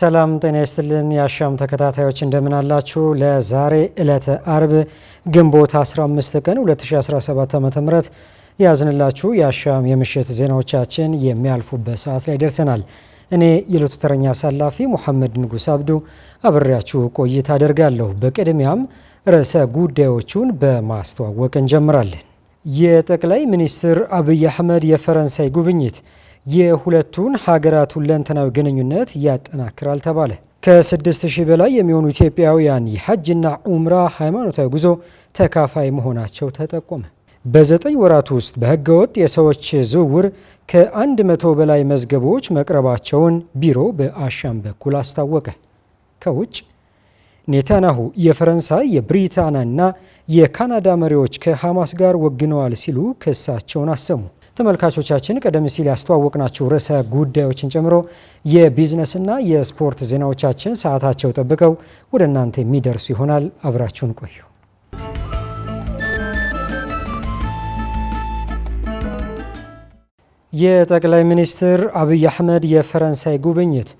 ሰላም ጤና ይስጥልን የአሻም ተከታታዮች እንደምን አላችሁ? ለዛሬ ዕለተ አርብ ግንቦት 15 ቀን 2017 ዓ ም ያዝንላችሁ የአሻም የምሽት ዜናዎቻችን የሚያልፉበት ሰዓት ላይ ደርሰናል። እኔ የዕለቱ ተረኛ አሳላፊ ሙሐመድ ንጉስ አብዱ አብሬያችሁ ቆይታ አደርጋለሁ። በቅድሚያም ርዕሰ ጉዳዮቹን በማስተዋወቅ እንጀምራለን። የጠቅላይ ሚኒስትር አብይ አህመድ የፈረንሳይ ጉብኝት የሁለቱን ሀገራት ሁለንተናዊ ግንኙነት ያጠናክራል ተባለ። ከ ከ6000 በላይ የሚሆኑ ኢትዮጵያውያን የሐጅና ኡምራ ሃይማኖታዊ ጉዞ ተካፋይ መሆናቸው ተጠቆመ። በዘጠኝ ወራት ውስጥ ወጥ የሰዎች ዝውውር ከአንድ መቶ በላይ መዝገቦች መቅረባቸውን ቢሮ በአሻም በኩል አስታወቀ። ከውጭ ኔታንያሁ የፈረንሳይ የብሪታንያና የካናዳ መሪዎች ከሐማስ ጋር ወግነዋል ሲሉ ክሳቸውን አሰሙ። ተመልካቾቻችን ቀደም ሲል ያስተዋወቅናቸው ርዕሰ ጉዳዮችን ጨምሮ የቢዝነስና የስፖርት ዜናዎቻችን ሰዓታቸው ጠብቀው ወደ እናንተ የሚደርሱ ይሆናል። አብራችሁን ቆዩ። የጠቅላይ ሚኒስትር አብይ አህመድ የፈረንሳይ ጉብኝት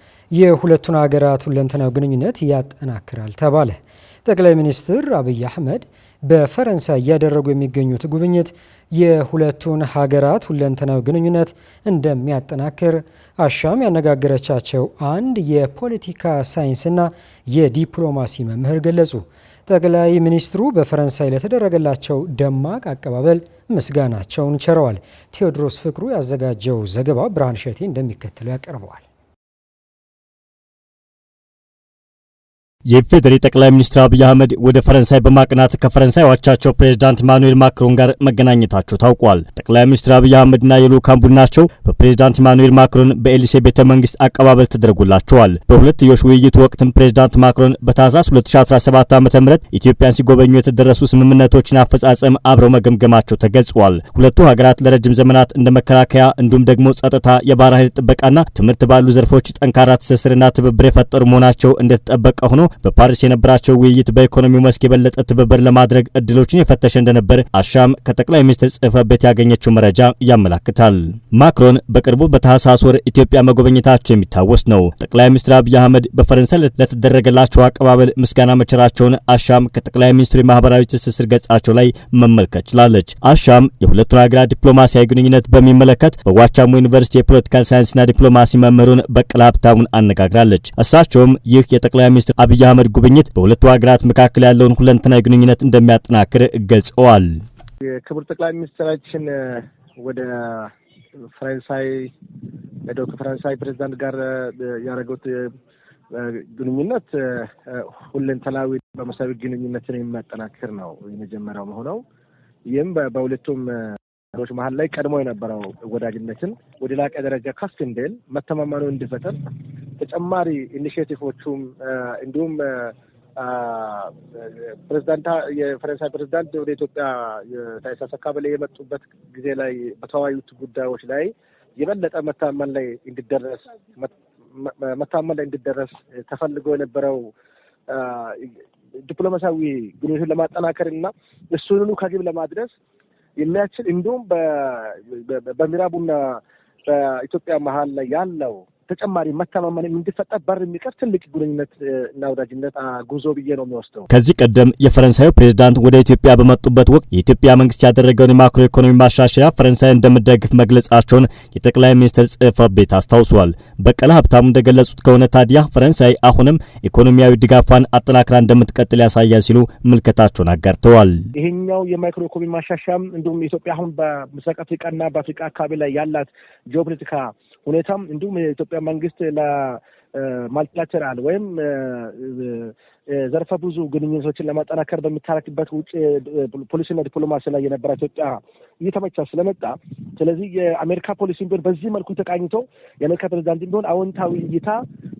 የሁለቱን ሀገራት ሁለንተናዊ ግንኙነት ያጠናክራል ተባለ። ጠቅላይ ሚኒስትር አብይ አህመድ በፈረንሳይ እያደረጉ የሚገኙት ጉብኝት የሁለቱን ሀገራት ሁለንተናዊ ግንኙነት እንደሚያጠናክር አሻም ያነጋገረቻቸው አንድ የፖለቲካ ሳይንስና የዲፕሎማሲ መምህር ገለጹ። ጠቅላይ ሚኒስትሩ በፈረንሳይ ለተደረገላቸው ደማቅ አቀባበል ምስጋናቸውን ቸረዋል። ቴዎድሮስ ፍቅሩ ያዘጋጀው ዘገባ ብርሃን ሸቴ እንደሚከተለው ያቀርበዋል። የኢፌዴሪ ጠቅላይ ሚኒስትር አብይ አህመድ ወደ ፈረንሳይ በማቅናት ከፈረንሳይ አቻቸው ፕሬዚዳንት ማኑኤል ማክሮን ጋር መገናኘታቸው ታውቋል። ጠቅላይ ሚኒስትር አብይ አህመድና የልዑካን ቡድናቸው በፕሬዚዳንት ማኑኤል ማክሮን በኤሊሴ ቤተ መንግስት አቀባበል ተደርጎላቸዋል። በሁለትዮሽ ውይይት ወቅትም ፕሬዚዳንት ማክሮን በታህሳስ 2017 ዓ ም ኢትዮጵያን ሲጎበኙ የተደረሱ ስምምነቶችን አፈጻጸም አብረው መገምገማቸው ተገልጿል። ሁለቱ ሀገራት ለረጅም ዘመናት እንደ መከላከያ እንዲሁም ደግሞ ጸጥታ፣ የባህር ኃይል ጥበቃና ትምህርት ባሉ ዘርፎች ጠንካራ ትስስርና ትብብር የፈጠሩ መሆናቸው እንደተጠበቀ ሆኖ በፓሪስ የነበራቸው ውይይት በኢኮኖሚው መስክ የበለጠ ትብብር ለማድረግ እድሎችን የፈተሸ እንደነበር አሻም ከጠቅላይ ሚኒስትር ጽህፈት ቤት ያገኘችው መረጃ ያመላክታል። ማክሮን በቅርቡ በታህሳስ ወር ኢትዮጵያ መጎብኘታቸው የሚታወስ ነው። ጠቅላይ ሚኒስትር አብይ አህመድ በፈረንሳይ ለተደረገላቸው አቀባበል ምስጋና መቸራቸውን አሻም ከጠቅላይ ሚኒስትሩ የማህበራዊ ትስስር ገጻቸው ላይ መመልከት ችላለች። አሻም የሁለቱን ሀገራት ዲፕሎማሲያዊ ግንኙነት በሚመለከት በዋቻሞ ዩኒቨርሲቲ የፖለቲካል ሳይንስና ዲፕሎማሲ መምህሩን በቀለ ሀብታሙን አነጋግራለች። እሳቸውም ይህ የጠቅላይ ሚኒስትር አብይ የአብይ አህመድ ጉብኝት በሁለቱ ሀገራት መካከል ያለውን ሁለንተናዊ ግንኙነት እንደሚያጠናክር ገልጸዋል። የክቡር ጠቅላይ ሚኒስትራችን ወደ ፈረንሳይ ሄደው ከፈረንሳይ ፕሬዚዳንት ጋር ያደረጉት ግንኙነት ሁለንተናዊ በመሳዊ ግንኙነትን የሚያጠናክር ነው የመጀመሪያው መሆነው ይህም በሁለቱም ሀገሮች መሀል ላይ ቀድሞ የነበረው ወዳጅነትን ወደ ላቀ ደረጃ ከፍ እንዲል መተማመኑ እንዲፈጠር ተጨማሪ ኢኒሽቲቮቹም እንዲሁም ፕሬዚዳንታ የፈረንሳይ ፕሬዚዳንት ወደ ኢትዮጵያ ታይሳስ አካባቢ የመጡበት ጊዜ ላይ በተወያዩት ጉዳዮች ላይ የበለጠ መተማመን ላይ እንዲደረስ መተማመን ላይ እንዲደረስ ተፈልጎ የነበረው ዲፕሎማሲያዊ ግንኙነቱን ለማጠናከር እና እሱንኑ ከግብ ለማድረስ የሚያስችል እንዲሁም በሚራቡና በኢትዮጵያ መሀል ላይ ያለው ተጨማሪ መተማመን እንዲፈጠር በር የሚቀር ትልቅ ግንኙነት እና ወዳጅነት ጉዞ ብዬ ነው የሚወስደው። ከዚህ ቀደም የፈረንሳዩ ፕሬዚዳንት ወደ ኢትዮጵያ በመጡበት ወቅት የኢትዮጵያ መንግስት ያደረገውን የማክሮ ኢኮኖሚ ማሻሻያ ፈረንሳይ እንደምደግፍ መግለጻቸውን የጠቅላይ ሚኒስትር ጽህፈት ቤት አስታውሷል። በቀለ ሀብታሙ እንደገለጹት ከሆነ ታዲያ ፈረንሳይ አሁንም ኢኮኖሚያዊ ድጋፏን አጠናክራ እንደምትቀጥል ያሳያል ሲሉ ምልከታቸውን አጋርተዋል። ይሄኛው የማይክሮ ኢኮኖሚ ማሻሻያም እንዲሁም ኢትዮጵያ አሁን በምስራቅ አፍሪቃና በአፍሪቃ አካባቢ ላይ ያላት ጂኦፖለቲካ ሁኔታም እንዲሁም የኢትዮጵያ መንግስት ለማልቲላተራል ወይም ዘርፈ ብዙ ግንኙነቶችን ለማጠናከር በሚታረክበት ውጭ ፖሊሲና ዲፕሎማሲ ላይ የነበረ ኢትዮጵያ እየተመቻ ስለመጣ ስለዚህ የአሜሪካ ፖሊሲ ቢሆን በዚህ መልኩ ተቃኝቶ የአሜሪካ ፕሬዚዳንት ቢሆን አዎንታዊ እይታ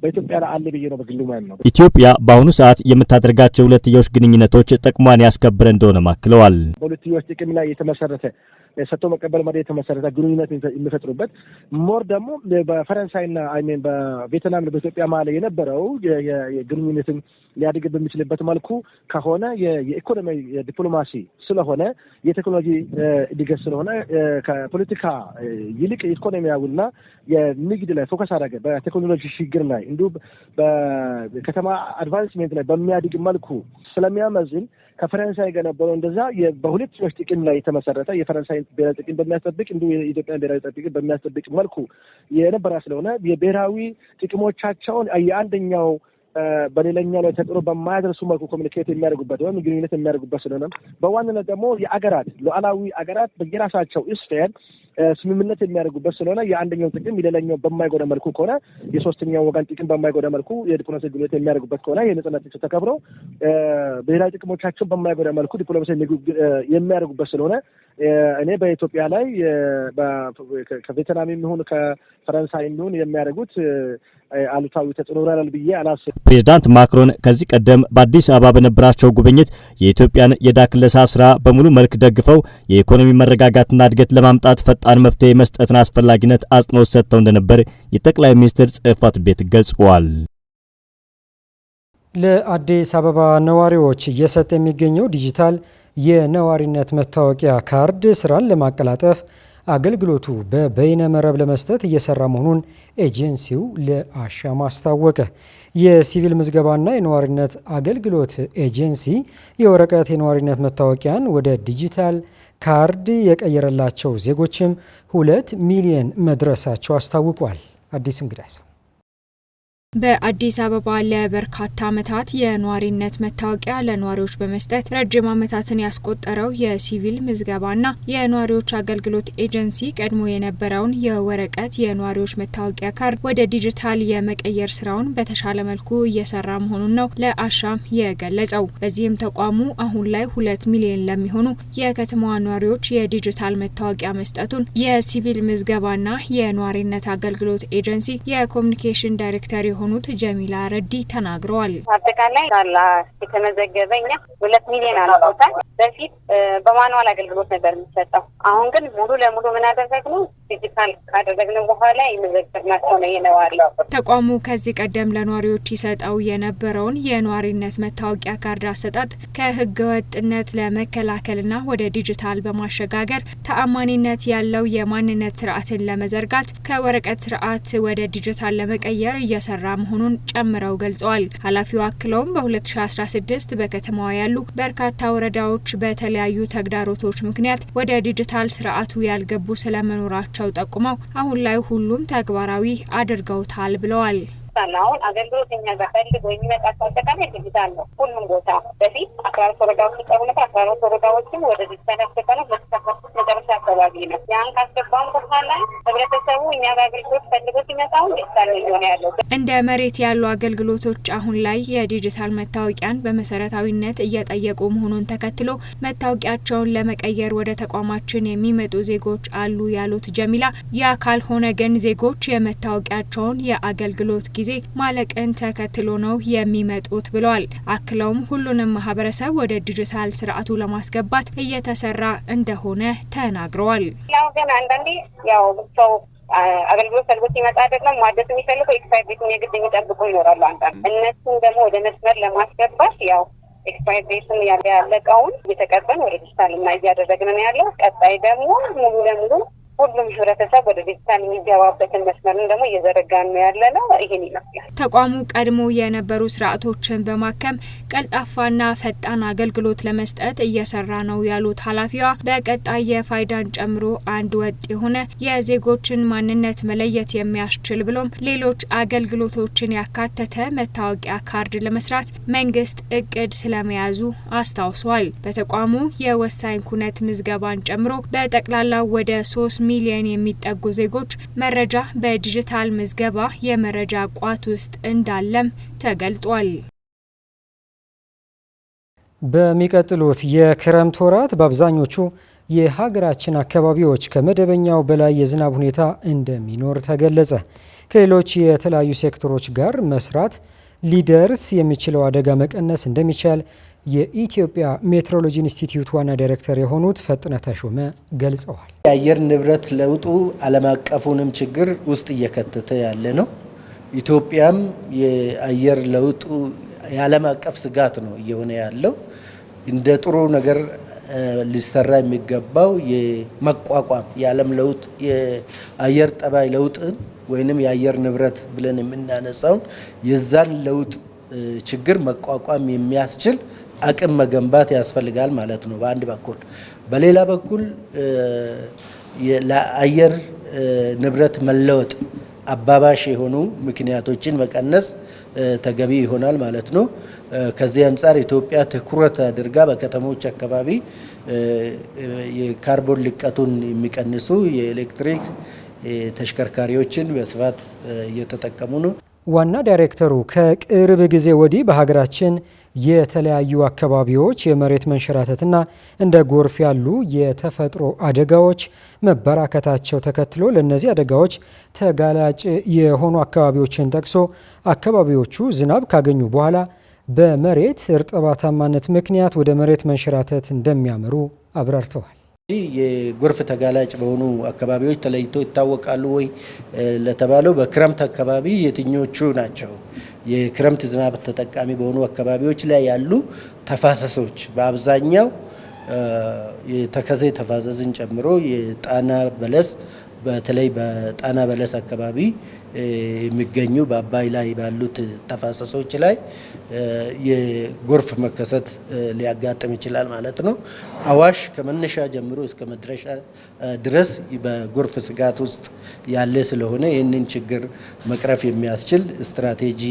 በኢትዮጵያ ላይ አለ ብዬ ነው በግሉ ማለት ነው። ኢትዮጵያ በአሁኑ ሰዓት የምታደርጋቸው ሁለትዮሽ ግንኙነቶች ጥቅሟን ያስከብረ እንደሆነ ማክለዋል። በሁለትዮሽ ጥቅም ላይ የተመሰረተ ሰጥቶ መቀበል መ የተመሰረተ ግንኙነት የሚፈጥሩበት ሞር ደግሞ በፈረንሳይና አይ በቬትናም በኢትዮጵያ ማለ የነበረው የግንኙነትን ሊያድግ በሚችልበት መልኩ ከሆነ የኢኮኖሚ ዲፕሎማሲ ስለሆነ የቴክኖሎጂ እድገት ስለሆነ ከፖለቲካ ይልቅ ኢኮኖሚያዊና የንግድ ላይ ፎከስ አደረገ በቴክኖሎጂ ሽግግር ላይ እንዲሁ በከተማ አድቫንስሜንት ላይ በሚያድግ መልኩ ስለሚያመዝን ከፈረንሳይ ጋር ነበረው እንደዛ በሁለትዮሽ ጥቅም ላይ የተመሰረተ የፈረንሳይ ብሔራዊ ጥቅም በሚያስጠብቅ እንዲሁ የኢትዮጵያ ብሔራዊ ጥቅም በሚያስጠብቅ መልኩ የነበራ ስለሆነ የብሔራዊ ጥቅሞቻቸውን የአንደኛው በሌላኛው ላይ ተጥሮ በማያደርሱ መልኩ ኮሚኒኬት የሚያደርጉበት ወይም ግንኙነት የሚያደርጉበት ስለሆነ በዋናነት ደግሞ የአገራት ሉዓላዊ አገራት በየራሳቸው ስፌር ስምምነት የሚያደርጉበት ስለሆነ የአንደኛው ጥቅም የሌላኛው በማይጎዳ መልኩ ከሆነ የሶስተኛው ወገን ጥቅም በማይጎዳ መልኩ የዲፕሎማሲ ግንኙነት የሚያደርጉበት ከሆነ ጥቅስ ተከብረው ብሔራዊ ጥቅሞቻቸውን በማይጎዳ መልኩ ዲፕሎማሲ የሚያደርጉበት ስለሆነ እኔ በኢትዮጵያ ላይ ከቬትናም የሚሆን ከፈረንሳይ የሚሆን የሚያደርጉት አሉታዊ ተጽዕኖ ይኖራል ብዬ አላስብም። ፕሬዚዳንት ማክሮን ከዚህ ቀደም በአዲስ አበባ በነበራቸው ጉብኝት የኢትዮጵያን የዳክለሳ ስራ በሙሉ መልክ ደግፈው የኢኮኖሚ መረጋጋትና እድገት ለማምጣት ፈጣ ለፈጣን መፍትሄ መስጠትን አስፈላጊነት አጽንኦት ሰጥተው እንደነበር የጠቅላይ ሚኒስትር ጽህፈት ቤት ገልጸዋል። ለአዲስ አበባ ነዋሪዎች እየሰጠ የሚገኘው ዲጂታል የነዋሪነት መታወቂያ ካርድ ስራን ለማቀላጠፍ አገልግሎቱ በበይነ መረብ ለመስጠት እየሰራ መሆኑን ኤጀንሲው ለአሻም አስታወቀ። የሲቪል ምዝገባና የነዋሪነት አገልግሎት ኤጀንሲ የወረቀት የነዋሪነት መታወቂያን ወደ ዲጂታል ካርድ የቀየረላቸው ዜጎችም ሁለት ሚሊየን መድረሳቸው አስታውቋል። አዲስ እንግዳ ሰው በአዲስ አበባ ለበርካታ ዓመታት የኗሪነት መታወቂያ ለኗሪዎች በመስጠት ረጅም ዓመታትን ያስቆጠረው የሲቪል ምዝገባና የኗሪዎች አገልግሎት ኤጀንሲ ቀድሞ የነበረውን የወረቀት የኗሪዎች መታወቂያ ካርድ ወደ ዲጂታል የመቀየር ስራውን በተሻለ መልኩ እየሰራ መሆኑን ነው ለአሻም የገለጸው። በዚህም ተቋሙ አሁን ላይ ሁለት ሚሊዮን ለሚሆኑ የከተማዋ ኗሪዎች የዲጂታል መታወቂያ መስጠቱን የሲቪል ምዝገባና የኗሪነት አገልግሎት ኤጀንሲ የኮሚኒኬሽን ዳይሬክተር የሆኑት ጀሚላ ረዲ ተናግረዋል። አጠቃላይ የተመዘገበ እኛ ሁለት ሚሊዮን አልፎታል። በፊት በማንዋል አገልግሎት ነበር የሚሰጠው። አሁን ግን ሙሉ ለሙሉ ምን አደረግነው ዲጂታል ካደረግነው በኋላ የመዘገብናቸው ነው የነዋሪው። ተቋሙ ከዚህ ቀደም ለነዋሪዎች ይሰጠው የነበረውን የነዋሪነት መታወቂያ ካርድ አሰጣጥ ከህገ ወጥነት ለመከላከልና ወደ ዲጂታል በማሸጋገር ተአማኒነት ያለው የማንነት ስርዓትን ለመዘርጋት ከወረቀት ስርዓት ወደ ዲጂታል ለመቀየር እየሰራ መሆኑን ጨምረው ገልጸዋል። ኃላፊው አክለውም በ2016 በከተማዋ ያሉ በርካታ ወረዳዎች በተለያዩ ተግዳሮቶች ምክንያት ወደ ዲጂታል ስርዓቱ ያልገቡ ስለመኖራቸው ጠቁመው አሁን ላይ ሁሉም ተግባራዊ አድርገውታል ብለዋል። ይደርሳል። አሁን አገልግሎት እኛ ጋር ፈልጎ የሚመጣ ሰው አጠቃላይ ዲጂታል ነው። ሁሉም ቦታ በፊት አስራ አራት ወረዳዎች ሲቀሩነት አስራ አራት ወረዳዎችም ወደ ዲጂታል ያስገባነው በተሳሳት መጨረሻ አካባቢ ነው። ያን ካስገባም በኋላ ህብረተሰቡ እኛ ጋር አገልግሎት ፈልጎ ሲመጣውን ዲጂታል ሆነ ያለው እንደ መሬት ያሉ አገልግሎቶች አሁን ላይ የዲጂታል መታወቂያን በመሰረታዊነት እየጠየቁ መሆኑን ተከትሎ መታወቂያቸውን ለመቀየር ወደ ተቋማችን የሚመጡ ዜጎች አሉ ያሉት ጀሚላ፣ ያ ካልሆነ ግን ዜጎች የመታወቂያቸውን የአገልግሎት ጊዜ ማለቅን ተከትሎ ነው የሚመጡት ብለዋል። አክለውም ሁሉንም ማህበረሰብ ወደ ዲጂታል ስርዓቱ ለማስገባት እየተሰራ እንደሆነ ተናግረዋል። ያው ግን አንዳንዴ ያው ሰው አገልግሎት ፈልጎ ሲመጣ አይደለም ማደስ የሚፈልገው ኤክስፓየር ቤቱን የግድ የሚጠብቁ ይኖራሉ። አንዳንድ እነሱን ደግሞ ወደ መስመር ለማስገባት ያው ኤክስፓየር ያለ ያለቀውን እየተቀበን ወደ ዲጂታል እና እያደረግን ነው ያለው። ቀጣይ ደግሞ ሙሉ ለሙሉ ሁሉም ህብረተሰብ ወደ ዲጂታል የሚገባበትን መስመርን ደግሞ እየዘረጋ ነው ያለ ነው። ይህን ይመስላል። ተቋሙ ቀድሞ የነበሩ ስርዓቶችን በማከም ቀልጣፋና ፈጣን አገልግሎት ለመስጠት እየሰራ ነው ያሉት ኃላፊዋ በቀጣይ የፋይዳን ጨምሮ አንድ ወጥ የሆነ የዜጎችን ማንነት መለየት የሚያስችል ብሎም ሌሎች አገልግሎቶችን ያካተተ መታወቂያ ካርድ ለመስራት መንግስት እቅድ ስለመያዙ አስታውሷል። በተቋሙ የወሳኝ ኩነት ምዝገባን ጨምሮ በጠቅላላው ወደ ሶስት ሚሊዮን የሚጠጉ ዜጎች መረጃ በዲጂታል ምዝገባ የመረጃ ቋት ውስጥ እንዳለም ተገልጧል። በሚቀጥሉት የክረምት ወራት በአብዛኞቹ የሀገራችን አካባቢዎች ከመደበኛው በላይ የዝናብ ሁኔታ እንደሚኖር ተገለጸ። ከሌሎች የተለያዩ ሴክተሮች ጋር መስራት ሊደርስ የሚችለው አደጋ መቀነስ እንደሚቻል የኢትዮጵያ ሜትሮሎጂ ኢንስቲትዩት ዋና ዳይሬክተር የሆኑት ፈጥነ ተሾመ ገልጸዋል። የአየር ንብረት ለውጡ ዓለም አቀፉንም ችግር ውስጥ እየከተተ ያለ ነው። ኢትዮጵያም የአየር ለውጡ የዓለም አቀፍ ስጋት ነው እየሆነ ያለው። እንደ ጥሩ ነገር ሊሰራ የሚገባው የመቋቋም የዓለም ለውጥ የአየር ጠባይ ለውጥን ወይንም የአየር ንብረት ብለን የምናነሳውን የዛን ለውጥ ችግር መቋቋም የሚያስችል አቅም መገንባት ያስፈልጋል ማለት ነው በአንድ በኩል። በሌላ በኩል ለአየር ንብረት መለወጥ አባባሽ የሆኑ ምክንያቶችን መቀነስ ተገቢ ይሆናል ማለት ነው። ከዚህ አንጻር ኢትዮጵያ ትኩረት አድርጋ በከተሞች አካባቢ የካርቦን ልቀቱን የሚቀንሱ የኤሌክትሪክ ተሽከርካሪዎችን በስፋት እየተጠቀሙ ነው። ዋና ዳይሬክተሩ ከቅርብ ጊዜ ወዲህ በሀገራችን የተለያዩ አካባቢዎች የመሬት መንሸራተትና እንደ ጎርፍ ያሉ የተፈጥሮ አደጋዎች መበራከታቸው ተከትሎ ለእነዚህ አደጋዎች ተጋላጭ የሆኑ አካባቢዎችን ጠቅሶ አካባቢዎቹ ዝናብ ካገኙ በኋላ በመሬት እርጥበታማነት ምክንያት ወደ መሬት መንሸራተት እንደሚያመሩ አብራርተዋል። የጎርፍ ተጋላጭ በሆኑ አካባቢዎች ተለይቶ ይታወቃሉ ወይ ለተባለው በክረምት አካባቢ የትኞቹ ናቸው? የክረምት ዝናብ ተጠቃሚ በሆኑ አካባቢዎች ላይ ያሉ ተፋሰሶች በአብዛኛው የተከዜ ተፋሰስን ጨምሮ የጣና በለስ በተለይ በጣና በለስ አካባቢ የሚገኙ በአባይ ላይ ባሉት ተፋሰሶች ላይ የጎርፍ መከሰት ሊያጋጥም ይችላል ማለት ነው። አዋሽ ከመነሻ ጀምሮ እስከ መድረሻ ድረስ በጎርፍ ስጋት ውስጥ ያለ ስለሆነ ይህንን ችግር መቅረፍ የሚያስችል ስትራቴጂ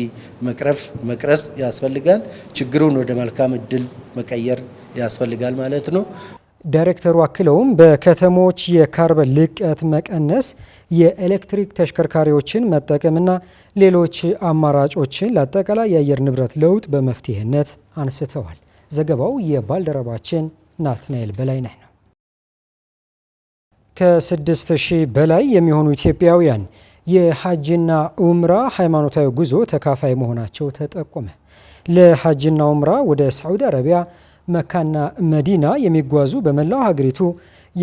መቅረፍ መቅረጽ ያስፈልጋል። ችግሩን ወደ መልካም እድል መቀየር ያስፈልጋል ማለት ነው። ዳይሬክተሩ አክለውም በከተሞች የካርበን ልቀት መቀነስ፣ የኤሌክትሪክ ተሽከርካሪዎችን መጠቀምና ሌሎች አማራጮችን ለአጠቃላይ የአየር ንብረት ለውጥ በመፍትሄነት አንስተዋል። ዘገባው የባልደረባችን ናትናኤል በላይ ነው። ከስድስት ሺህ በላይ የሚሆኑ ኢትዮጵያውያን የሐጅና ኡምራ ሃይማኖታዊ ጉዞ ተካፋይ መሆናቸው ተጠቆመ። ለሐጅና ኡምራ ወደ ሳዑዲ አረቢያ መካና መዲና የሚጓዙ በመላው ሀገሪቱ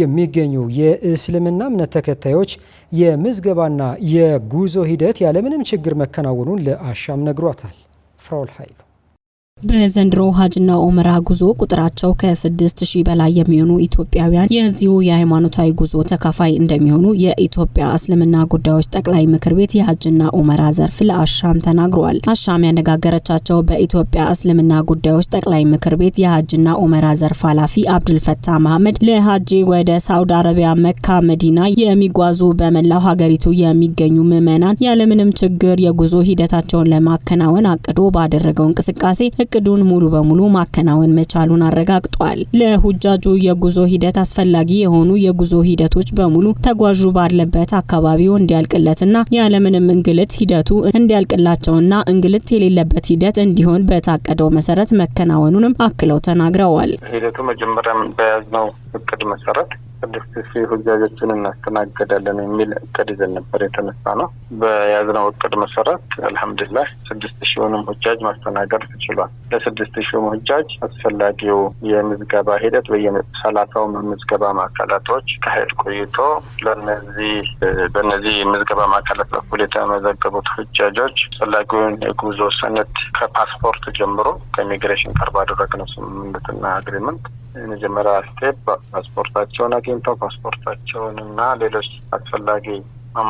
የሚገኙ የእስልምና እምነት ተከታዮች የምዝገባና የጉዞ ሂደት ያለምንም ችግር መከናወኑን ለአሻም ነግሯታል። ፍራውል ኃይሉ በዘንድሮ ሀጅና ኦመራ ጉዞ ቁጥራቸው ከስድስት ሺህ በላይ የሚሆኑ ኢትዮጵያውያን የዚሁ የሃይማኖታዊ ጉዞ ተካፋይ እንደሚሆኑ የኢትዮጵያ እስልምና ጉዳዮች ጠቅላይ ምክር ቤት የሀጅና ኦመራ ዘርፍ ለአሻም ተናግረዋል። አሻም ያነጋገረቻቸው በኢትዮጵያ እስልምና ጉዳዮች ጠቅላይ ምክር ቤት የሀጅና ኦመራ ዘርፍ ኃላፊ አብዱልፈታህ መሐመድ ለሀጂ ወደ ሳውዲ አረቢያ መካ፣ መዲና የሚጓዙ በመላው ሀገሪቱ የሚገኙ ምዕመናን ያለምንም ችግር የጉዞ ሂደታቸውን ለማከናወን አቅዶ ባደረገው እንቅስቃሴ እቅዱን ሙሉ በሙሉ ማከናወን መቻሉን አረጋግጧል። ለሁጃጁ የጉዞ ሂደት አስፈላጊ የሆኑ የጉዞ ሂደቶች በሙሉ ተጓዡ ባለበት አካባቢው እንዲያልቅለትና ያለምንም እንግልት ሂደቱ እንዲያልቅላቸውና እንግልት የሌለበት ሂደት እንዲሆን በታቀደው መሰረት መከናወኑንም አክለው ተናግረዋል። ሂደቱ መጀመሪያም በያዝነው እቅድ መሰረት ስድስት ሺህ ሁጃጆችን እናስተናገዳለን የሚል እቅድ ይዘን ነበር የተነሳ ነው። በያዝነው እቅድ መሰረት አልሐምዱሊላህ ስድስት ሺውንም ሁጃጅ ማስተናገድ ተችሏል። ለስድስት ሺውም ሁጃጅ አስፈላጊው የምዝገባ ሂደት በየሰላሳው ምዝገባ ማዕከላቶች ካሄድ ቆይቶ ለነዚህ በነዚህ ምዝገባ ማዕከላት በኩል የተመዘገቡት ሁጃጆች አስፈላጊውን የጉዞ ሰነት ከፓስፖርት ጀምሮ ከኢሚግሬሽን ቀርባ አደረግነው ስምምነትና አግሪመንት የመጀመሪያ ስቴፕ ፓስፖርታቸውን አግኝተው ፓስፖርታቸውን እና ሌሎች አስፈላጊ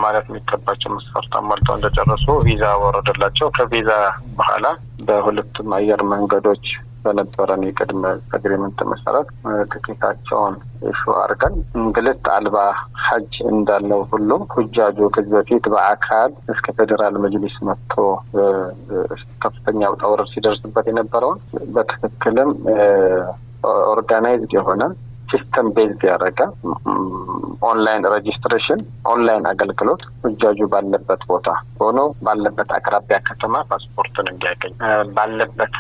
መሟላት የሚገባቸው መስፈርት አሟልተው እንደጨረሱ ቪዛ ወረደላቸው። ከቪዛ በኋላ በሁለቱም አየር መንገዶች በነበረን የቅድመ አግሪመንት መሰረት ትኬታቸውን ኢሹ አድርገን እንግልት አልባ ሀጅ እንዳለው ሁሉ ሁጃጁ ከዚህ በፊት በአካል እስከ ፌዴራል መጅሊስ መጥቶ ከፍተኛ ውጣ ውረድ ሲደርስበት የነበረውን በትክክልም ኦርጋናይዝድ የሆነ ሲስተም ቤዝድ ያደረገ ኦንላይን ሬጂስትሬሽን፣ ኦንላይን አገልግሎት እጃጁ ባለበት ቦታ ሆኖ ባለበት አቅራቢያ ከተማ ፓስፖርትን እንዲያገኝ ባለበት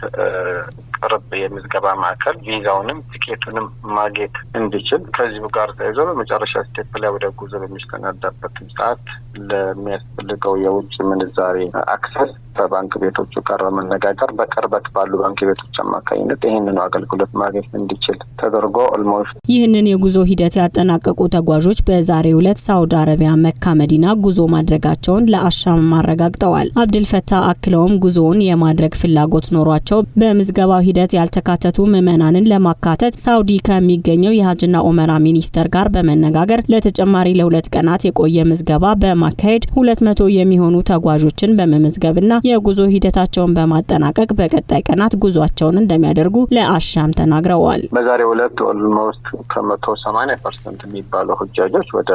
ቅርብ የምዝገባ ማዕከል ቪዛውንም ቲኬቱንም ማግኘት እንዲችል ከዚሁ ጋር ተይዞ በመጨረሻ ስቴፕ ላይ ወደ ጉዞ በሚስተናዳበትም ሰዓት ለሚያስፈልገው የውጭ ምንዛሬ አክሰስ በባንክ ቤቶቹ ጋር በመነጋገር በቅርበት ባሉ ባንክ ቤቶች አማካኝነት ይህንኑ አገልግሎት ማግኘት እንዲችል ተደርጎ ኦልሞስት ይህንን የጉዞ ሂደት ያጠናቀቁ ተጓዦች በዛሬው ዕለት ሳውዲ አረቢያ መካ መዲና ጉዞ ማድረጋቸውን ለአሻም አረጋግጠዋል። አብድል አክለውም ጉዞውን የማድረግ ፍላጎት ኖሯቸው በምዝገባው ሂደት ያልተካተቱ ምዕመናንን ለማካተት ሳውዲ ከሚገኘው የሀጅና ኦመራ ሚኒስቴር ጋር በመነጋገር ለተጨማሪ ለሁለት ቀናት የቆየ ምዝገባ በማካሄድ ሁለት መቶ የሚሆኑ ተጓዦችን በመመዝገብና የጉዞ ሂደታቸውን በማጠናቀቅ በቀጣይ ቀናት ጉዟቸውን እንደሚያደርጉ ለአሻም ተናግረዋል። በዛሬው ዕለት ኦልሞስት ከመቶ ሰማኒያ ፐርሰንት የሚባሉ ሁጃጆች ወደ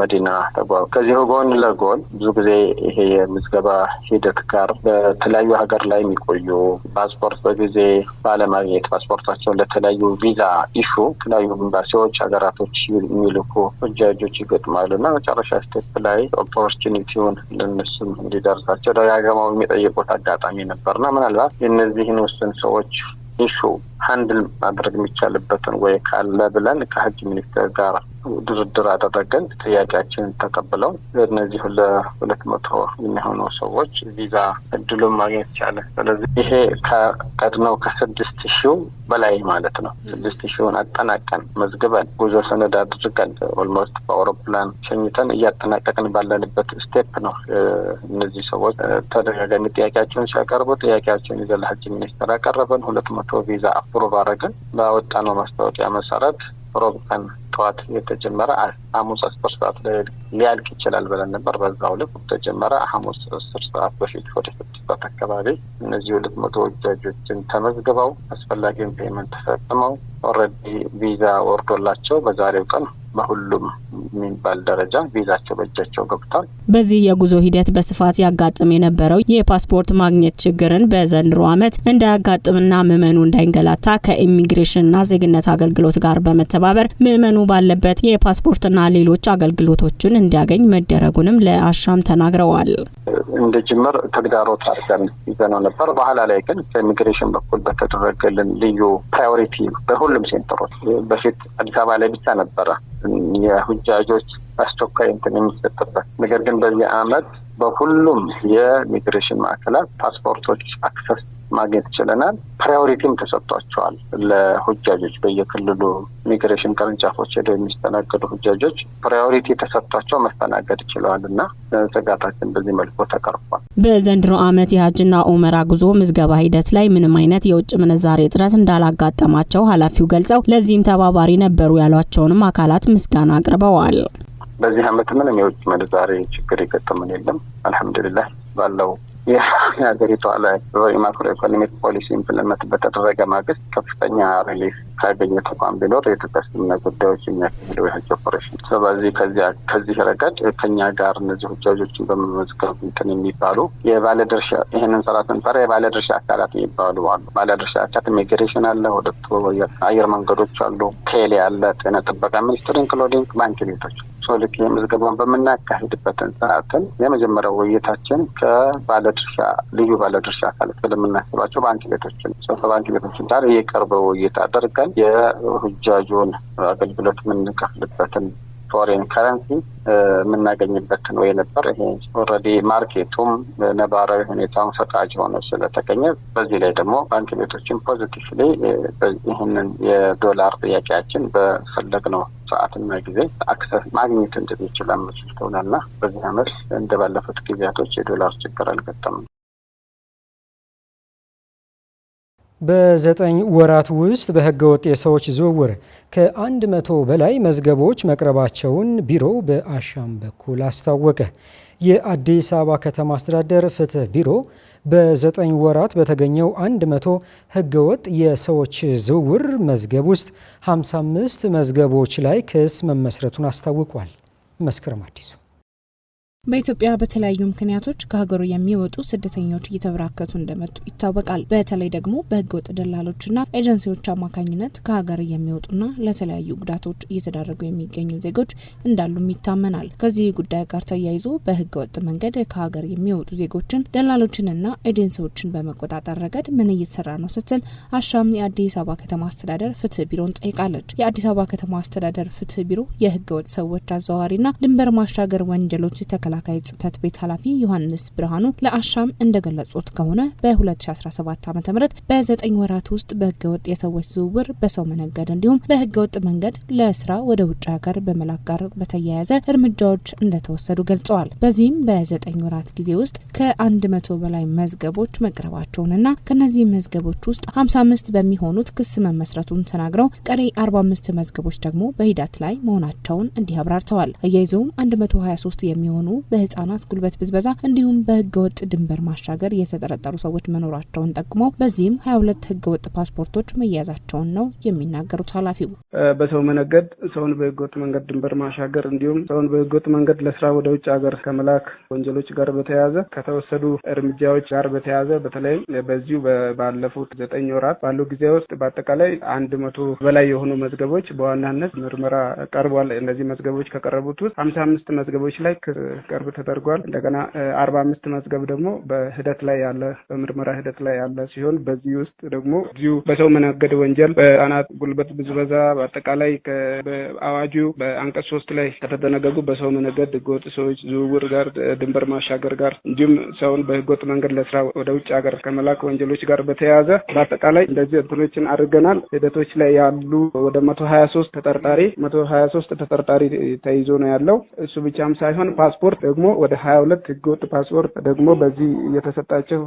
መዲና ተጓዙ። ከዚህ ጎን ለጎን ብዙ ጊዜ ይሄ የምዝገባ ሂደት ጋር በተለያዩ ሀገር ላይ የሚቆዩ ፓስፖርት በጊዜ ባለማግኘት ፓስፖርታቸውን ለተለያዩ ቪዛ ኢሹ የተለያዩ ኤምባሲዎች፣ ሀገራቶች የሚልኩ ሁጃጆች ይገጥማሉ እና መጨረሻ ስቴፕ ላይ ኦፖርቹኒቲውን ለነሱም እንዲደርሳቸው ደጋግመው የሚጠይቁት አጋጣሚ ነበርና ምናልባት የእነዚህን ውስን ሰዎች ኢሹ ሀንድል ማድረግ የሚቻልበትን ወይ ካለ ብለን ከህግ ሚኒስቴር ጋር ድርድር አደረገን ጥያቄያችንን ተቀብለው እነዚህ ለሁለት መቶ የሚሆኑ ሰዎች ቪዛ እድሉን ማግኘት ቻለ። ስለዚህ ይሄ ከቀድነው ከስድስት ሺው በላይ ማለት ነው። ስድስት ሺውን አጠናቀን መዝግበን ጉዞ ሰነድ አድርገን ኦልሞስት በአውሮፕላን ሸኝተን እያጠናቀቅን ባለንበት ስቴፕ ነው። እነዚህ ሰዎች ተደጋጋሚ ጥያቄያቸውን ሲያቀርቡ ጥያቄያቸውን ይዘን ለህግ ሚኒስቴር አቀረበን። ሁለት መቶ ቪዛ ፕሩቭ አደረግን። በወጣነው ማስታወቂያ መሰረት ሮብ ቀን ጠዋት የተጀመረ ሐሙስ አስር ሰዓት ሊያልቅ ይችላል ብለን ነበር። በዛው ልክ ተጀመረ። ሐሙስ አስር ሰዓት በፊት ወደ ስድስት አካባቢ እነዚህ ሁለት መቶ ወጃጆችን ተመዝግበው አስፈላጊውን ፔመንት ተፈጽመው ኦልሬዲ ቪዛ ወርዶላቸው በዛሬው ቀን በሁሉም የሚባል ደረጃ ቪዛቸው በእጃቸው ገብቷል። በዚህ የጉዞ ሂደት በስፋት ያጋጥም የነበረው የፓስፖርት ማግኘት ችግርን በዘንድሮ ዓመት እንዳያጋጥምና ምዕመኑ እንዳይንገላታ ከኢሚግሬሽንና ዜግነት አገልግሎት ጋር በመተባበር ምዕመኑ ባለበት የፓስፖርትና ሌሎች አገልግሎቶችን እንዲያገኝ መደረጉንም ለአሻም ተናግረዋል። እንደ ጅምር ተግዳሮት አድርገን ይዘነው ነበር። በኋላ ላይ ግን ከኢሚግሬሽን በኩል በተደረገልን ልዩ ፕራዮሪቲ በሁሉም ሴንተሮች በፊት አዲስ አበባ ላይ ብቻ ነበረ የሁጃጆች አስቸኳይ እንትን የሚሰጥበት ነገር ግን በዚህ አመት በሁሉም የኢሚግሬሽን ማዕከላት ፓስፖርቶች አክሰስ ማግኘት ችለናል። ፕራዮሪቲም ተሰጥቷቸዋል ለሁጃጆች በየክልሉ ኢሚግሬሽን ቅርንጫፎች ሄደው የሚስተናገዱ ሁጃጆች ፕራዮሪቲ ተሰጥቷቸው መስተናገድ ችለዋል እና ስጋታችን በዚህ መልኩ ተቀርፏል። በዘንድሮ ዓመት የሀጅና ኡመራ ጉዞ ምዝገባ ሂደት ላይ ምንም አይነት የውጭ ምንዛሬ እጥረት እንዳላጋጠማቸው ኃላፊው ገልጸው ለዚህም ተባባሪ ነበሩ ያሏቸውንም አካላት ምስጋና አቅርበዋል። በዚህ ዓመት ምንም የውጭ ምንዛሬ ችግር የገጠመን የለም። አልሐምዱሊላህ ባለው የሀገሪቷ ማክሮ ኢኮኖሚክ ፖሊሲ ኢምፕልመንት በተደረገ ማግስት ከፍተኛ ሪሊፍ ካገኘ ተቋም ቢኖር የኢትዮጵያ እስልምና ጉዳዮች የሚያካሄደው የሀጅ ኦፕሬሽን። ስለዚህ ከዚህ ረገድ ከኛ ጋር እነዚህ ሁጃጆችን በመመዝገብ እንትን የሚባሉ የባለድርሻ ይህንን ስራ ስንሰራ የባለድርሻ አካላት የሚባሉ አሉ። ባለድርሻ አካላት ኢሚግሬሽን አለ፣ ወደ አየር መንገዶች አሉ፣ ቴሌ አለ፣ ጤና ጥበቃ ሚኒስትር ኢንክሉዲንግ ባንክ ቤቶች በሰው ልክ የምዝገባውን በምናካሄድበትን ሰዓትን የመጀመሪያው ውይይታችን ከባለድርሻ ልዩ ባለድርሻ አካላት ስለምናስባቸው ባንክ ቤቶችን ሰው ከባንክ ቤቶችን ጋር የቀረበ ውይይት አድርገን የሁጃጁን አገልግሎት የምንከፍልበትን ፎሬን ከረንሲ የምናገኝበት ነው የነበር። ይሄ ኦልሬዲ ማርኬቱም ነባራዊ ሁኔታውን ፈቃጅ ሆነ ስለተገኘ በዚህ ላይ ደግሞ ባንክ ቤቶችን ፖዚቲቭሊ ይህንን የዶላር ጥያቄያችን በፈለግነው ሰዓትና ጊዜ አክሰስ ማግኘት እንድንችል አመቻችተውናልና በዚህ አመት እንደ ባለፉት ጊዜያቶች የዶላር ችግር አልገጠምም። በዘጠኝ ወራት ውስጥ በህገ ወጥ የሰዎች ዝውውር ከአንድ መቶ በላይ መዝገቦች መቅረባቸውን ቢሮው በአሻም በኩል አስታወቀ። የአዲስ አበባ ከተማ አስተዳደር ፍትህ ቢሮ በዘጠኝ ወራት በተገኘው 100 ህገወጥ ህገ ወጥ የሰዎች ዝውውር መዝገብ ውስጥ 55 መዝገቦች ላይ ክስ መመስረቱን አስታውቋል። መስከረም አዲሱ በኢትዮጵያ በተለያዩ ምክንያቶች ከሀገሩ የሚወጡ ስደተኞች እየተበራከቱ እንደመጡ ይታወቃል። በተለይ ደግሞ በህገወጥ ደላሎችና ኤጀንሲዎች አማካኝነት ከሀገር የሚወጡና ለተለያዩ ጉዳቶች እየተዳረጉ የሚገኙ ዜጎች እንዳሉም ይታመናል። ከዚህ ጉዳይ ጋር ተያይዞ በህገወጥ መንገድ ከሀገር የሚወጡ ዜጎችን ደላሎችንና ኤጀንሲዎችን በመቆጣጠር ረገድ ምን እየተሰራ ነው ስትል አሻም የአዲስ አበባ ከተማ አስተዳደር ፍትህ ቢሮን ጠይቃለች። የአዲስ አበባ ከተማ አስተዳደር ፍትህ ቢሮ የህገ ወጥ ሰዎች አዘዋዋሪና ድንበር ማሻገር ወንጀሎች ተከ መከላከያ ጽህፈት ቤት ኃላፊ ዮሐንስ ብርሃኑ ለአሻም እንደገለጹት ከሆነ በ2017 ዓ ም በዘጠኝ ወራት ውስጥ በህገወጥ የሰዎች ዝውውር፣ በሰው መነገድ እንዲሁም በህገወጥ መንገድ ለስራ ወደ ውጭ ሀገር በመላክ ጋር በተያያዘ እርምጃዎች እንደተወሰዱ ገልጸዋል። በዚህም በዘጠኝ ወራት ጊዜ ውስጥ ከአንድ መቶ በላይ መዝገቦች መቅረባቸውንና ከእነዚህ መዝገቦች ውስጥ 55 በሚሆኑት ክስ መመስረቱን ተናግረው ቀሪ 45 መዝገቦች ደግሞ በሂደት ላይ መሆናቸውን እንዲህ አብራርተዋል። አያይዘውም 123 የሚሆኑ በህጻናት ጉልበት ብዝበዛ እንዲሁም በህገወጥ ድንበር ማሻገር የተጠረጠሩ ሰዎች መኖራቸውን ጠቅሞ በዚህም ሀያ ሁለት ህገወጥ ፓስፖርቶች መያዛቸውን ነው የሚናገሩት ኃላፊው። በሰው መነገድ፣ ሰውን በህገወጥ መንገድ ድንበር ማሻገር እንዲሁም ሰውን በህገወጥ መንገድ ለስራ ወደ ውጭ ሀገር ከመላክ ወንጀሎች ጋር በተያያዘ ከተወሰዱ እርምጃዎች ጋር በተያያዘ በተለይም በዚሁ ባለፉት ዘጠኝ ወራት ባሉ ጊዜ ውስጥ በአጠቃላይ አንድ መቶ በላይ የሆኑ መዝገቦች በዋናነት ምርመራ ቀርቧል። እነዚህ መዝገቦች ከቀረቡት ውስጥ ሀምሳ አምስት መዝገቦች ላይ እንዲቀርብ ተደርጓል። እንደገና አርባ አምስት መዝገብ ደግሞ በሂደት ላይ ያለ በምርመራ ሂደት ላይ ያለ ሲሆን በዚህ ውስጥ ደግሞ እዚሁ በሰው መናገድ ወንጀል፣ በህጻናት ጉልበት ብዝበዛ፣ በአጠቃላይ በአዋጁ በአንቀጽ ሶስት ላይ ከተደነገጉ በሰው መነገድ ህገወጥ ሰዎች ዝውውር ጋር ድንበር ማሻገር ጋር እንዲሁም ሰውን በህገወጥ መንገድ ለስራ ወደ ውጭ ሀገር ከመላክ ወንጀሎች ጋር በተያያዘ በአጠቃላይ እንደዚህ እንትኖችን አድርገናል። ሂደቶች ላይ ያሉ ወደ መቶ ሀያ ሶስት ተጠርጣሪ መቶ ሀያ ሶስት ተጠርጣሪ ተይዞ ነው ያለው። እሱ ብቻም ሳይሆን ፓስፖርት ደግሞ ወደ ሀያ ሁለት ህገወጥ ፓስፖርት ደግሞ በዚህ የተሰጣቸው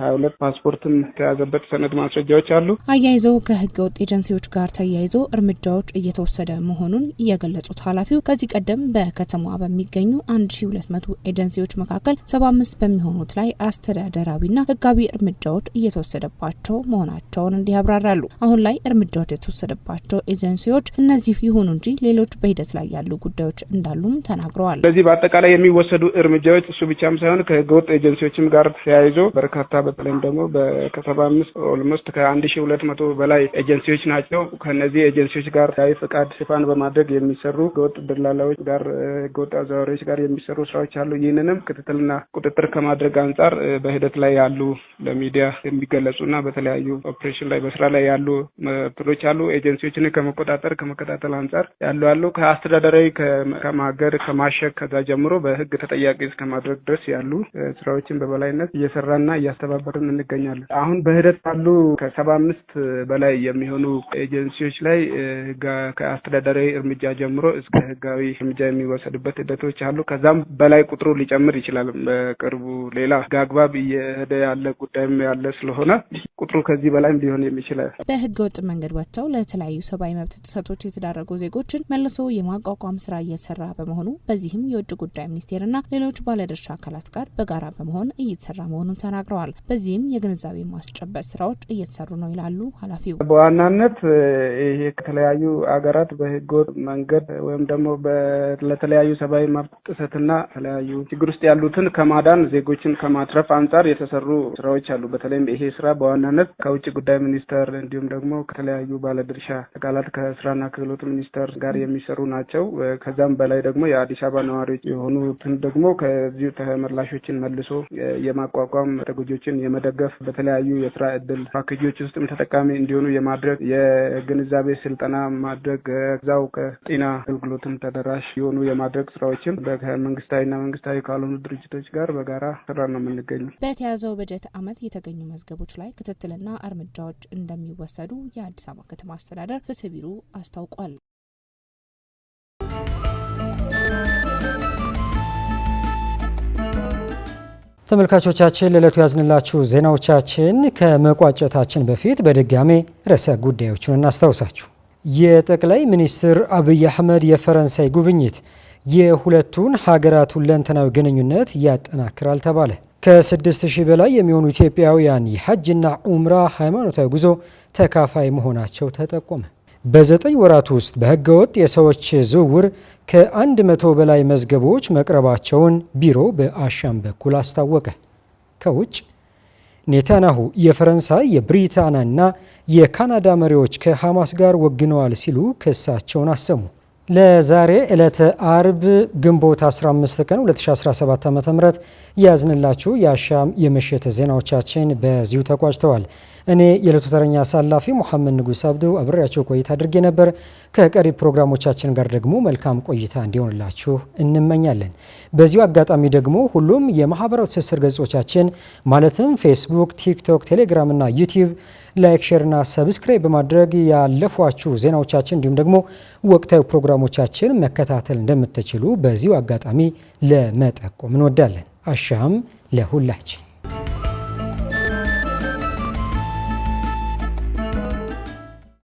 ሀያ ሁለት ፓስፖርትን ከያዘበት ሰነድ ማስረጃዎች አሉ። አያይዘው ከህገወጥ ኤጀንሲዎች ጋር ተያይዞ እርምጃዎች እየተወሰደ መሆኑን የገለጹት ኃላፊው ከዚህ ቀደም በከተማዋ በሚገኙ አንድ ሺ ሁለት መቶ ኤጀንሲዎች መካከል ሰባ አምስት በሚሆኑት ላይ አስተዳደራዊና ህጋዊ እርምጃዎች እየተወሰደባቸው መሆናቸውን እንዲህ ያብራራሉ። አሁን ላይ እርምጃዎች የተወሰደባቸው ኤጀንሲዎች እነዚህ ይሁኑ እንጂ ሌሎች በሂደት ላይ ያሉ ጉዳዮች እንዳሉም ተናግረዋል። በዚህ በአጠቃላይ የሚወሰዱ እርምጃዎች እሱ ብቻም ሳይሆን ከህገ ወጥ ኤጀንሲዎችም ጋር ተያይዞ በርካታ በተለይም ደግሞ ከሰባ አምስት ኦልሞስት ከአንድ ሺ ሁለት መቶ በላይ ኤጀንሲዎች ናቸው። ከነዚህ ኤጀንሲዎች ጋር ላይ ፍቃድ ሽፋን በማድረግ የሚሰሩ ህገወጥ ደላላዎች ጋር፣ ህገወጥ አዘዋዋሪዎች ጋር የሚሰሩ ስራዎች አሉ። ይህንንም ክትትልና ቁጥጥር ከማድረግ አንጻር በሂደት ላይ ያሉ ለሚዲያ የሚገለጹና በተለያዩ ኦፕሬሽን ላይ በስራ ላይ ያሉ መብቶች አሉ። ኤጀንሲዎችን ከመቆጣጠር ከመከታተል አንጻር ያሉ አሉ። ከአስተዳደራዊ ከማገድ ከማሸግ ከዛ ጀምሮ በህግ ተጠያቂ እስከማድረግ ድረስ ያሉ ስራዎችን በበላይነት እየሰራና እያስተባበርን እንገኛለን። አሁን በሂደት ካሉ ከሰባ አምስት በላይ የሚሆኑ ኤጀንሲዎች ላይ ከአስተዳደራዊ እርምጃ ጀምሮ እስከ ህጋዊ እርምጃ የሚወሰድበት ሂደቶች አሉ። ከዛም በላይ ቁጥሩ ሊጨምር ይችላል። በቅርቡ ሌላ አግባብ እየሄደ ያለ ጉዳይም ያለ ስለሆነ ቁጥሩ ከዚህ በላይም ሊሆን የሚችላል። በህገ ወጥ መንገድ ወጥተው ለተለያዩ ሰብአዊ መብት ጥሰቶች የተዳረጉ ዜጎችን መልሶ የማቋቋም ስራ እየተሰራ በመሆኑ በዚህም የውጭ ጉዳይ ሚኒስቴርና ሌሎች ባለድርሻ አካላት ጋር በጋራ በመሆን እየተሰራ መሆኑን ተናግረዋል። በዚህም የግንዛቤ ማስጨበጥ ስራዎች እየተሰሩ ነው ይላሉ ኃላፊው። በዋናነት ይሄ ከተለያዩ አገራት በህገወጥ መንገድ ወይም ደግሞ ለተለያዩ ሰብአዊ መብት ጥሰትና ተለያዩ ችግር ውስጥ ያሉትን ከማዳን ዜጎችን ከማትረፍ አንጻር የተሰሩ ስራዎች አሉ። በተለይም ይሄ ስራ በዋናነት ከውጭ ጉዳይ ሚኒስቴር እንዲሁም ደግሞ ከተለያዩ ባለድርሻ አካላት ከስራና ክህሎት ሚኒስቴር ጋር የሚሰሩ ናቸው። ከዛም በላይ ደግሞ የአዲስ አበባ ነዋሪዎች የሆኑ የቀሩትን ደግሞ ከዚሁ ተመላሾችን መልሶ የማቋቋም ተጎጆችን የመደገፍ በተለያዩ የስራ እድል ፓኬጆች ውስጥም ተጠቃሚ እንዲሆኑ የማድረግ የግንዛቤ ስልጠና ማድረግ ከዛው ከጤና አገልግሎትም ተደራሽ የሆኑ የማድረግ ስራዎችን ከመንግስታዊና መንግስታዊ ካልሆኑ ድርጅቶች ጋር በጋራ ስራ ነው የምንገኙ። በተያዘው በጀት አመት የተገኙ መዝገቦች ላይ ክትትልና እርምጃዎች እንደሚወሰዱ የአዲስ አበባ ከተማ አስተዳደር ፍትህ ቢሮ አስታውቋል። ተመልካቾቻችን ለዕለቱ ያዝንላችሁ ዜናዎቻችን ከመቋጨታችን በፊት በድጋሜ ርዕሰ ጉዳዮቹን እናስታውሳችሁ። የጠቅላይ ሚኒስትር አብይ አህመድ የፈረንሳይ ጉብኝት የሁለቱን ሀገራት ሁለንተናዊ ግንኙነት ያጠናክራል ተባለ። ከ6000 በላይ የሚሆኑ ኢትዮጵያውያን የሐጅና ዑምራ ሃይማኖታዊ ጉዞ ተካፋይ መሆናቸው ተጠቆመ። በዘጠኝ ወራት ውስጥ በህገወጥ ወጥ የሰዎች ዝውውር ከአንድ መቶ በላይ መዝገቦች መቅረባቸውን ቢሮ በአሻም በኩል አስታወቀ። ከውጭ ኔታንያሁ የፈረንሳይ የብሪታንያና የካናዳ መሪዎች ከሐማስ ጋር ወግነዋል ሲሉ ክሳቸውን አሰሙ። ለዛሬ ዕለተ አርብ ግንቦት 15 ቀን 2017 ዓ ም ያዝንላችሁ የአሻም የምሽት ዜናዎቻችን በዚሁ ተቋጭተዋል። እኔ የዕለቱ ተረኛ አሳላፊ ሙሐመድ ንጉስ አብዱ አብሬያቸው ቆይታ አድርጌ ነበር። ከቀሪ ፕሮግራሞቻችን ጋር ደግሞ መልካም ቆይታ እንዲሆንላችሁ እንመኛለን። በዚሁ አጋጣሚ ደግሞ ሁሉም የማህበራዊ ትስስር ገጾቻችን ማለትም ፌስቡክ፣ ቲክቶክ፣ ቴሌግራም እና ዩቲዩብ ላይክ፣ ሼር እና ሰብስክራይብ በማድረግ ያለፏችሁ ዜናዎቻችን እንዲሁም ደግሞ ወቅታዊ ፕሮግራሞቻችን መከታተል እንደምትችሉ በዚሁ አጋጣሚ ለመጠቆም እንወዳለን። አሻም ለሁላችን!